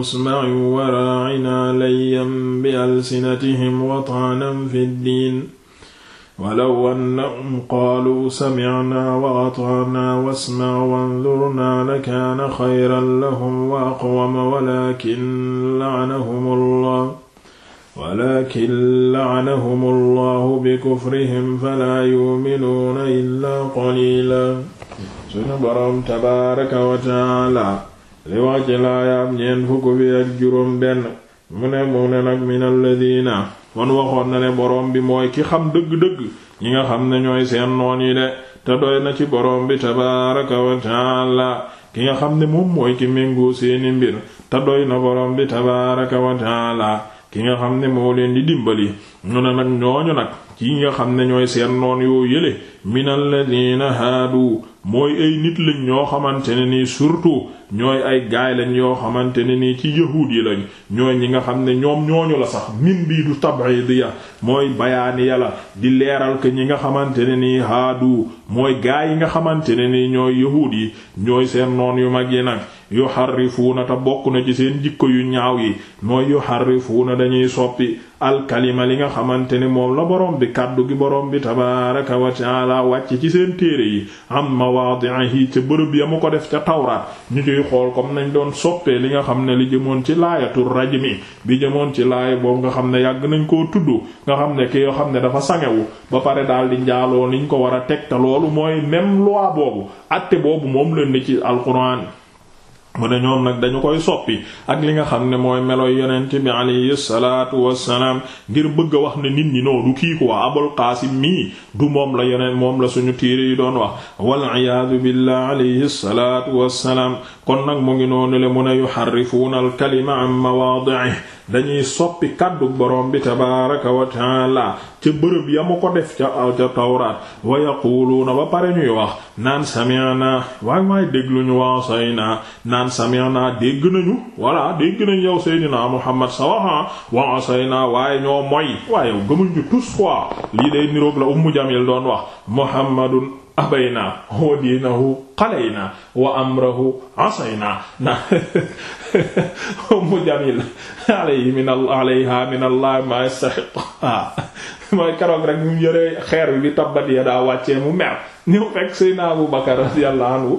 usma'u wa raa'ina layyan bi alsinatihim wa ta'nan fi ddiin walaw annahum qaaluu sami'naa wa ata'naa wasma' wanzurnaa lakaana xayran lahum wa aqwama walaakin la'anahumullaah walaakin la'anahumullaahu bikufrihim falaa yu'minuuna illaa qaliilaa sunu boroom tabaaraka wa ta'aala li wax ci laayaam ñeent fukk fi ak juróom benn mu ne mu ne nag min alladina kon waxoon na ne boroom bi mooy ki xam dëgg-dëgg ñi nga xam ne ñooy seen noon yi de te doy na ci boroom bi tabaaraka wa taala ki nga xam ne moom mooy ki méngoo seeni mbir te doy na boroom bi tabaaraka wa ki nga xam ne moo leen di dimbali ñu ne nag ñooñu nag ki nga xam ne ñooy seen noon yoo yële min alladina haadu mooy ay nit lañ ñoo xamante ne nii surtout ñooy ay gaay lañ yoo xamante ne nii ci yahuud yi lañ ñooy ñi nga xam ne ñoom ñooñu la sax min bii du tabidiya mooy bayaani yàlla di leeral ke ñi nga xamante ne nii haadu mooy gaay yi nga xamante ne nii ñooy yahuud yi ñooy seen noon yu mag yi nag yuharrifuuna te bokk na ci seen jikko yu ñaaw yi mooy yuharrifuuna dañuy soppi alkalima li nga xamante ne moom la borom bi kàddu gi borom bi tabaaraka wa taala wàcc ci seen téere yi am mawaadihi ca bërëb ya mu ko def ca tawraat ñu ciy xool comme nañ doon soppee li nga xam ne li jëmoon ci laayatu mi bi jëmoon ci laay boobu nga xam ne yàgg nañ koo tudd nga xam ne ki yoo xam ne dafa sangewu ba pare daal di njaaloo niñ ko war a teg te loolu mooy même loi boobu moom la ni ci alquran mu ne ñoom nag dañu koy soppi ak li nga xam ne mooy meloy yonent bi alayhi salaatu wassalaam ngir bëgg a wax ne nit ñi noo du kii ko abul qaasim mii du moom la yonent moom la suñu tiire yi doon wax wal iyaadu billah alayhi salaatu wassalaam kon nag mu ngi noonu le mu ne yuharrifuuna al kalima an mawaadi'ihi dañuy soppi kàddu borom bi tabaaraka wa taala ca bërëb ya mu ko def ca tawraat wa yaquluuna ba pare ñuy wax naan sami'na waay waay dégluñu wa say naa naan sami'na dégg nañu voilà dégg nañ yow seydinaa Muhammad sa waxa waaw say naa waaye ñoo moy waaye gëmuñ ju tous quoi lii day niroog la ummu jamil doon wax Muhammadun abayna wa diinahu qalayna wa amrahu asayna na ummu jamil alayhi min alayha min allah ma yastahiq ah. mooy keroog rek mu yëree xeer bi bi tabbat ya daa wàccee mu mer ñëw fekk Seydina Abu Bakar radiyallahu anhu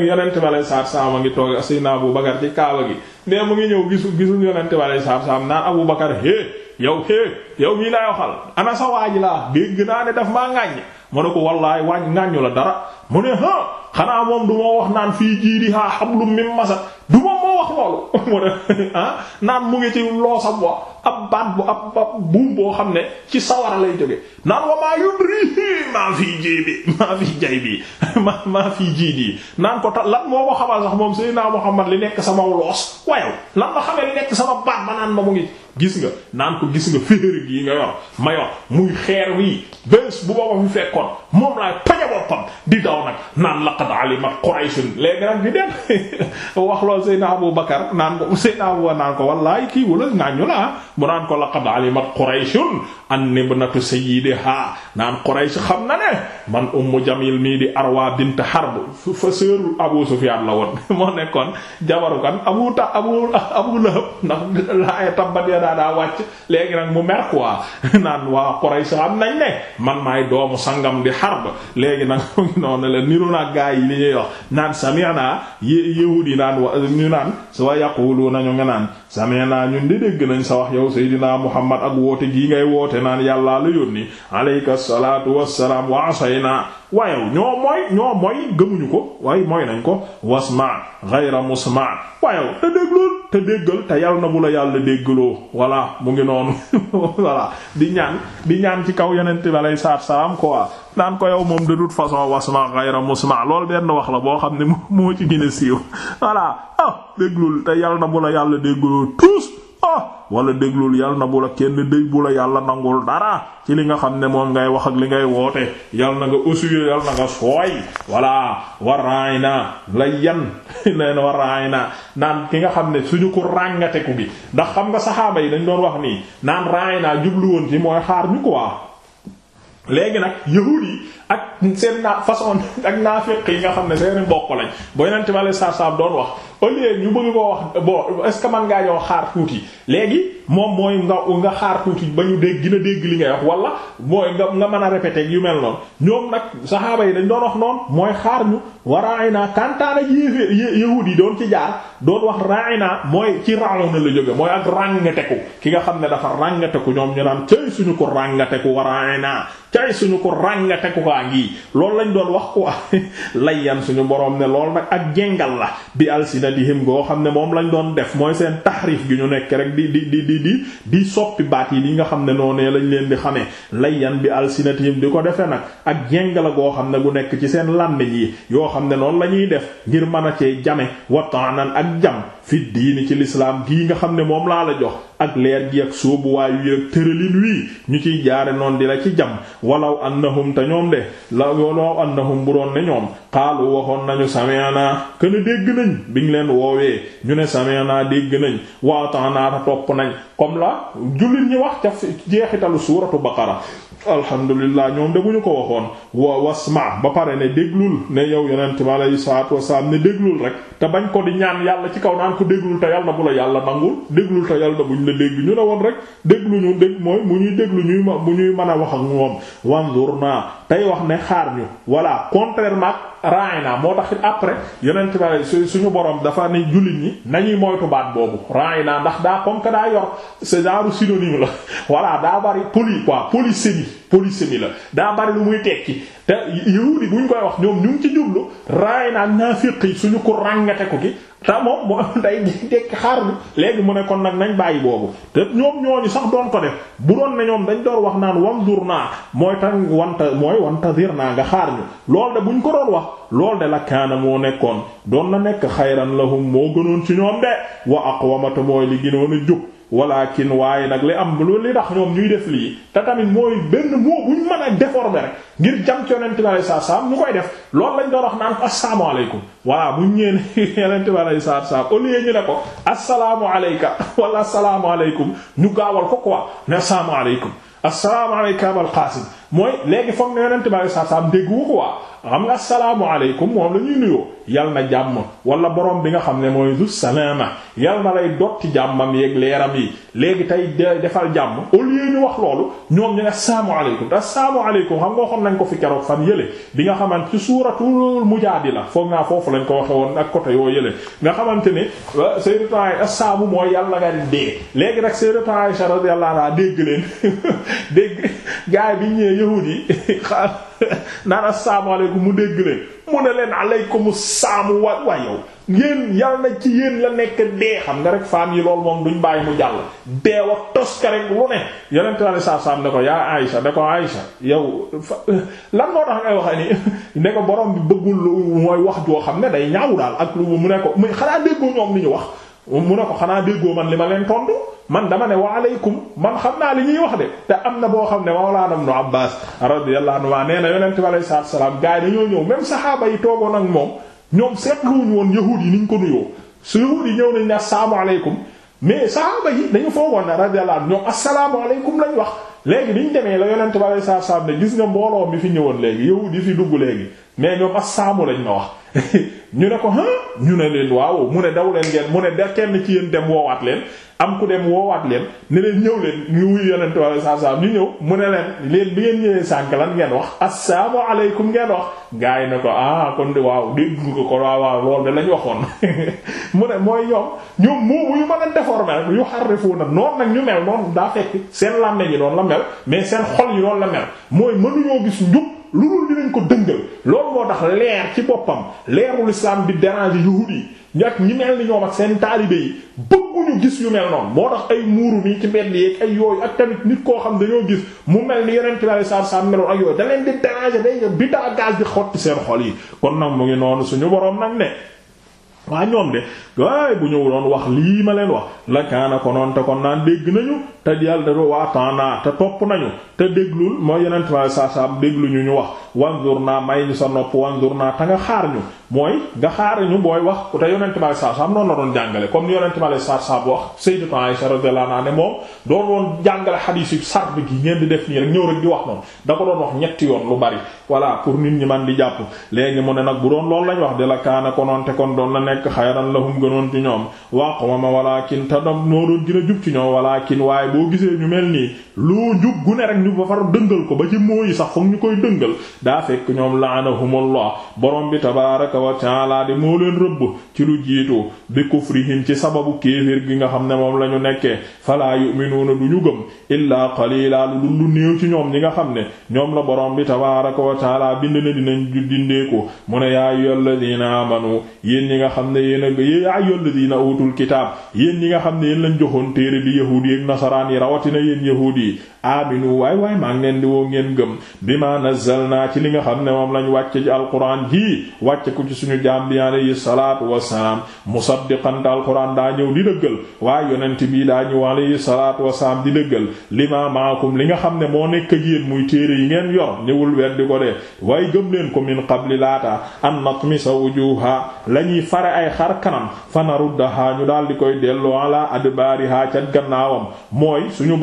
yonente bi alei saatu salaam a ngi toog Seydina Abu Bakar ci kaaba gi mais mu ngi ñëw gisu gisul yonente bi alei saatu salaam naan Abu Bakar hé yow hé yow mii lay waxal ana sa waaji laa dégg naa ne daf maa ŋàññ mu ne ko wallaay waañ ŋàññu la dara mu ne ha xanaa moom du ma wax naan fii jiidi ha hablum min masad loolu mu ne ah naan mu ngi ci loosam wa ab baat bu ab buum boo xam ne ci sawara lay jóge naan wa maa yudrihi maa fii jibi maa fii jay bi ma maa fii jii dii naan ko ta lan moo ko xamal sax moom Seydina Muhammad li nekk sama loos wayow lan ma xamee li nekk sama baat ma naan ma mu ngi gis nga naan ko gis nga féerig yi nga yor ma yor muy xeer wii bés bu booba fi fekkoon moom laay paja boppam di daw nag naan laqad alimat qurayshun léegi nag di dem wax lool Seydina Abu Bakar naan ko Seydina Abu Bakar naan ko wallaay kii wala ngaañu la bu naan ko laqad alimat qurayshun an ibnatu sayyidiha naan quraysh xam na ne man ummu jamil mii di arwa bint harb fa sœur Abu Sufyan la woon moo nekkoon jabaru kan abu ta abu abu daa daa wàcc léegi nag mu mer quoi naan waa Quraysh xam nañ ne man maay doomu sangam di Harb léegi nag noonu la niru naa gaa yi li ñuy wax naan sami'na yahuud yi naan wa ñu naan wa yaquluuna ñu nga naan sami'na ñun di dégg nañ sa wax yow Seydina Muhammad ak woote gii ngay woote naan yàllaa la yónni alayka salaatu wassalaam wa asayna waaye ñoo mooy ñoo mooy gëmuñu ko waaye moy nañ ko wasma ghayra musma waaye te déglul te déggal te yal na bu la yàlla déggaloo voilà mu ngi noonu voilà di ñaan di ñaan ci kaw yonent bi alayhi salaatu ko quoi naan ko yow moom de toute façon wasma ghayra lool loolu benn wax la boo xam ne moo ci gën a siiw voilà ah déglul te yal na bu la yàlla déggaloo tous ah wala déglul yàlla na bu la kenn dëj bu la yàlla nangul dara ci li nga xam ne moom ngay wax ak li ngay woote yàlla na nga aussiyo yàlla na nga sooy voilà waraay na la yan neen waraay na naan ki nga xam ne suñu ko ràngateku gi ndax xam nga saxaaba yi dañ doon wax nii naan raay naa jublu woon ci mooy xaar ñu quoi léegi nag yahuud yi ak seen naa façon ak naafiq yi nga xam ne seeni mbokk lañ booy nante ma la saab-saab doon wax au lieu ñu bëgg koo wax bon est-ce man ngaa ñoo xaar tuuti léegi moom mooy nga nga xaar tuuti ba ñu dégg gën a dégg li ngay wax wala mooy nga nga mën a répéter yu mel noonu ñoom nag saxaaba yi dañ doon wax noon mooy xaar ñu waraay naa kantaana yéefee yahuud yi doon ci jaar doon wax raina mooy ci raona la jóge mooy ak ràngateku ki nga xam ne dafa ràngateku ñoom ñu naan cay suñu ko ràngateku wa raina cay suñu ko ràngateku kaa ngii loolu lañ doon wax ko layyan suñu boroom ne lool nag ak jengal la bi alsinatihim goo xam ne moom lañ doon def mooy seen taxrif gi ñu nekk rek di di di di di di soppi baat yi li nga xam ne noonee lañ leen di xamee layyan bi alsinatihim di ko defee nag ak jengala goo xam ne gu nekk ci seen làmmiñ yi yoo xam ne noonu la ñuy def ngir mën a cee jame wataanan ak ak jam fi diini ci lislaam gii nga xam ne moom laa la jox ak leer gi ak sóobuwaayu yi ak tëralin wii ñu ciy jaare noon di la ci jam na annahum te ñoom de la walaw annahum bu doon ne ñoom xaalu waxoon nañu sami'na kën a dégg nañ biñ leen woowee ñu ne sami'na dégg nañ waatanaata topp nañ comme la jullit ñi wax ca jeexitalu suuratu baqara alhamdulillah ñoom de bu ñu ko waxoon wa wasma ba pare ne déglul ne yow yonent bi alayhi salaatu wasalaam ne déglul rek te bañ ko di ñaan yàlla ci kaw naan ko déglul te yàlla bu la yàlla nangul déglul te yàlla na buñ la dégg ñu ne woon rek déglu ñu dégg mooy mu ñuy déglu ñuy mu ñuy mën a wax ak moom wanzur naa tey wax ne xaar ñu voilà contrairement raay naa moo tax it après yonent ba suñu borom dafa ne jullit ñi nañuy moytu baat boobu raay naa ndax daa kom que daa yor ce genre la voilà daa bari poli quoi polysémie polysémie la daa bari lu muy tekki te yahuudi buñ koy wax ñoom ñu ngi ci jublu raay na naafiq yi suñu ko ràngate ko gi te moom moo day dekk xaar bi mu ne nag nañ bàyyi boobu te ñoom ñooñu sax doon ko bu doon ne ñoom dañ doon wax naan wandur naa mooy tan wanta mooy wantadir naa nga xaar ñu lool de buñ ko doon wax lool de la kaana moo nekkoon doon na nekk xayran lahum moo gënoon ci ñoom de wa aqwamata mooy li gënoon a jub walakin waaye nag li am lu li tax ñoom ñuy def lii te tamit mooy benn moo buñ mën a déformer rek ngir jam ci yonent bi alayhi ñu koy def loolu lañ doon wax naan ko assalaamu aleykum voilà buñ ñeen yonent bi alayhi salaam au lieu ñu ne ko assalaamu aleyka wala assalaamu aleykum ñu gaawal ko quoi ne assalaamu aleykum assalaamu aleyka abal qaasim mooy léegi foog na yonent bi alayhi salaam déggu ko waa xam nga assalaamu aleykum moom la ñuy nuyoo yal na jàmm wala borom bi nga xam ne mooy lu salaama yal na lay dotti jàmmam yeeg leeram yi léegi tey defal jàmm au lieu ñu wax loolu ñoom ñu ne assalaamu aleykum te assalaamu aleykum xam nga waxoon nañ ko fi keroog fan yële bi nga xamante ci suuratul la foog naa foofu lañ ko waxe woon ak côté yoo yële nga xamante ni sayyidatu assaamu mooy yàlla nga dee léegi nag sayyidatu Aisha radiyallahu anha dégg leen yahuud yi xaar naan asalaamaaleykum mu dégg leen mu ne leen aleykum saamu wa wa yow yéen yal na ci yéen la nekk dee xam nga rek femme yi loolu moom duñ bàyyi mu jàll dee wax tos ka rek lu ne yeneen tànn saa saam ne ko yaa Aïcha ne ko Aïcha yow lan moo tax ngay waxee ni ne ko boroom bi bëggul mooy wax joo xam ne day ñaaw daal ak lu mu ne ko muy xanaa déggul ñoom lu ñu wax. mu ne ko xanaa déggoo man li ma leen tontu man dama ne wa aleykum man xam naa li ñuy wax de te am na boo xam ne mawlaana ibnu Abbaas radiyallahu anhu nee na yonent bi alayhi salaatu wa salaam gaa yi dañoo ñëw même saxaaba yi toogoon ak moom ñoom seetluwuñu woon yahuud yi niñ ko nuyoo su yahuud yi ñëw nañ ne assalaamu aleykum mais saxaaba yi dañu foogoon ne radiyallahu anhu ñoom assalaamu aleykum lañ wax léegi biñ demee la yonent bi alayhi salaatu wa salaam ne gis nga mbooloo mi fi ñëwoon léegi yahuud yi fi dugg léegi mais ñoom assaamu lañ ma wax ñu ne ko ah ñu ne leen waaw mu ne daw leen ngeen mu ne da kenn ci yéen dem woowaat leen am ku dem woowaat leen ni leen ñëw leen ñu wuyu yonent wala saa saa ñu ñëw mu ne leen leen bi ngeen ñëwee sànk lan ngeen wax assalaamu aleykum ngeen wax gaay na ko ah kon di waaw dégg ko ko waaw waaw loolu de lañ waxoon mu ne mooy ñoom ñoom mu yu mën a déformer rek yu xarrifu na noonu nag ñu mel noonu daa fekk seen làmme yi noonu la mais seen xol yi la mel mooy mënuñoo gis njub lu dul dinañ ko dëngal loolu moo tax leer ci boppam leerul islam di déranger yahuud yi ñu ak ñi mel ni ñoom ak seen taalibe yi bëgguñu gis yu mel noonu moo tax ay muuru nii ci mbedd yeeg ak yooyu ak tamit nit koo xam dañoo gis mu mel ni yeneen kilaari saab saab meloon ak yooyu da leen di déranger day nga biddaa gaz di xotti seen xol yi kon nag mu ngi noonu suñu boroom nag ne waa ñoom de gaay bu ñëw doon wax lii ma leen wax na ko konoon te kon naan dégg nañu te yàlla da waa naa te topp nañu te déglul mooy yeneen ma saa saa déglu ñu ñu wax wanzur naa may ñu sa nopp wanzur naa te nga xaar ñu mooy nga xaar ñu booy wax ku te yonent ma saa saa noonu la doon jàngale comme ni yonent ma saa saa wax sayyidatu Aisha radiyallahu anha ne moom doon woon jàngale xadiis yu sarb gi ngeen di def nii rek ñëw rek di wax noonu da ko doon wax ñetti yoon lu bari voilà pour nit ñi man di jàpp léegi mu ne nag bu doon loolu lañ wax de la kaana konoonte kon doon na nekk xayran lahum gënoon ci ñoom waqwama walaakin te dam noo doon gën a jub ci ñoom walaakin waaye boo gisee ñu mel nii lu jub gu ne ñu ba far dëngal ko ba ci mooyi sax foog ñu koy dëngal daa fekk ñoom laanahumullah borom bi tabaaraka wa ta'ala di moo leen rëbb ci lu jiitu bi kufrihim ci sababu kéeféer gi nga xam ne moom la ñu nekkee falaa yu'minuuna du ñu gëm illaa qaliila ci ñoom ñi nga xam ne ñoom la borom bi tabaaraka wa taala bind na dinañ dindee ko mu ne yaa ayyuhal ladina amanu yéen yi nga xam ne yéen a yaa ayyuhal ladina utul kitaab yéen ñi nga xam ne yéen lañ joxoon téere bi yahuudi ak nasaraan yi rawatina yéen yi aminu waay waay maa ngi leen di woo ngeen gëm bi ma naa ci li nga xam ne moom lañ wàccee ci alquran jii wàcce ko ci suñu jaam bi alayhi salaatu wassalaam musaddiqan alquran daa ñëw di dëggal waaye yonent bii daa ñëw alayhi salaatu wassalaam di dëggal lima maakum li nga xam ne moo nekk yeen muy téere yi ngeen yor ñëwul weddi ko de waaye gëm leen ko min qabli laata an natmisa wujuha lañuy fare ay xar kanam fanaruddaha ñu daal di koy delloo ala adbaariha ca gannaawam mooy suñu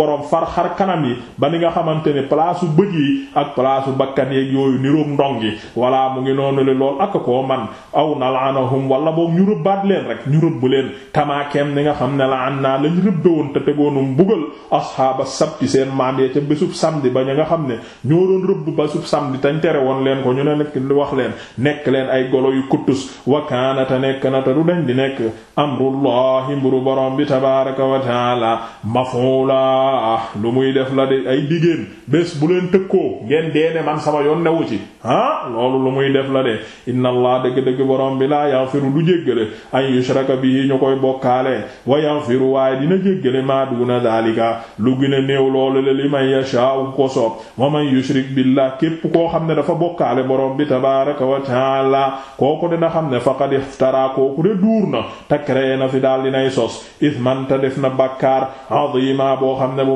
yi ba ni nga xamante ne place su bëj yi ak place su bakkan yeeg yooyu niroog ndong yi voilà mu ngi noonu le lool ak koo man aw nalaanahum wala boog ñu rëbbaat leen rek ñu rëbb leen kamaakeem ni nga xam ne la an naa lañ rëbdawoon te tegoonum bugal asxaaba sabti seen maam ya ca bésub samedi ba ña nga xam ne ñoo doon rëbb bésub samedi tañ tere woon leen ko ñu ne nekk wax leen nekk leen ay golo yu kuttus wakaanata nekk na te du dañ di nekk amrullahi mburu borom bi tabaraka wa taala mafuula lu la de ay digéen bés bu leen tëkkoo ngeen deene man sama yoon newu ci ah loolu lu muy def la de inna dëgg-dëgg borom bi laa yaghfiru du jéggale ay yushraka bihi ñu koy bokkaale wa yaghfiru waaye dina jéggale maa duna daalika lu gën a néew loolu la li may yashaa'u ko soob wa man yushrik billah képp koo xam ne dafa bokkaale borom bi tabaaraka wa ta'aala kooku dina xam ne faqad de duur na te créé fi dal dinay sos isman ta def na bàkkaar azima boo xam ne bu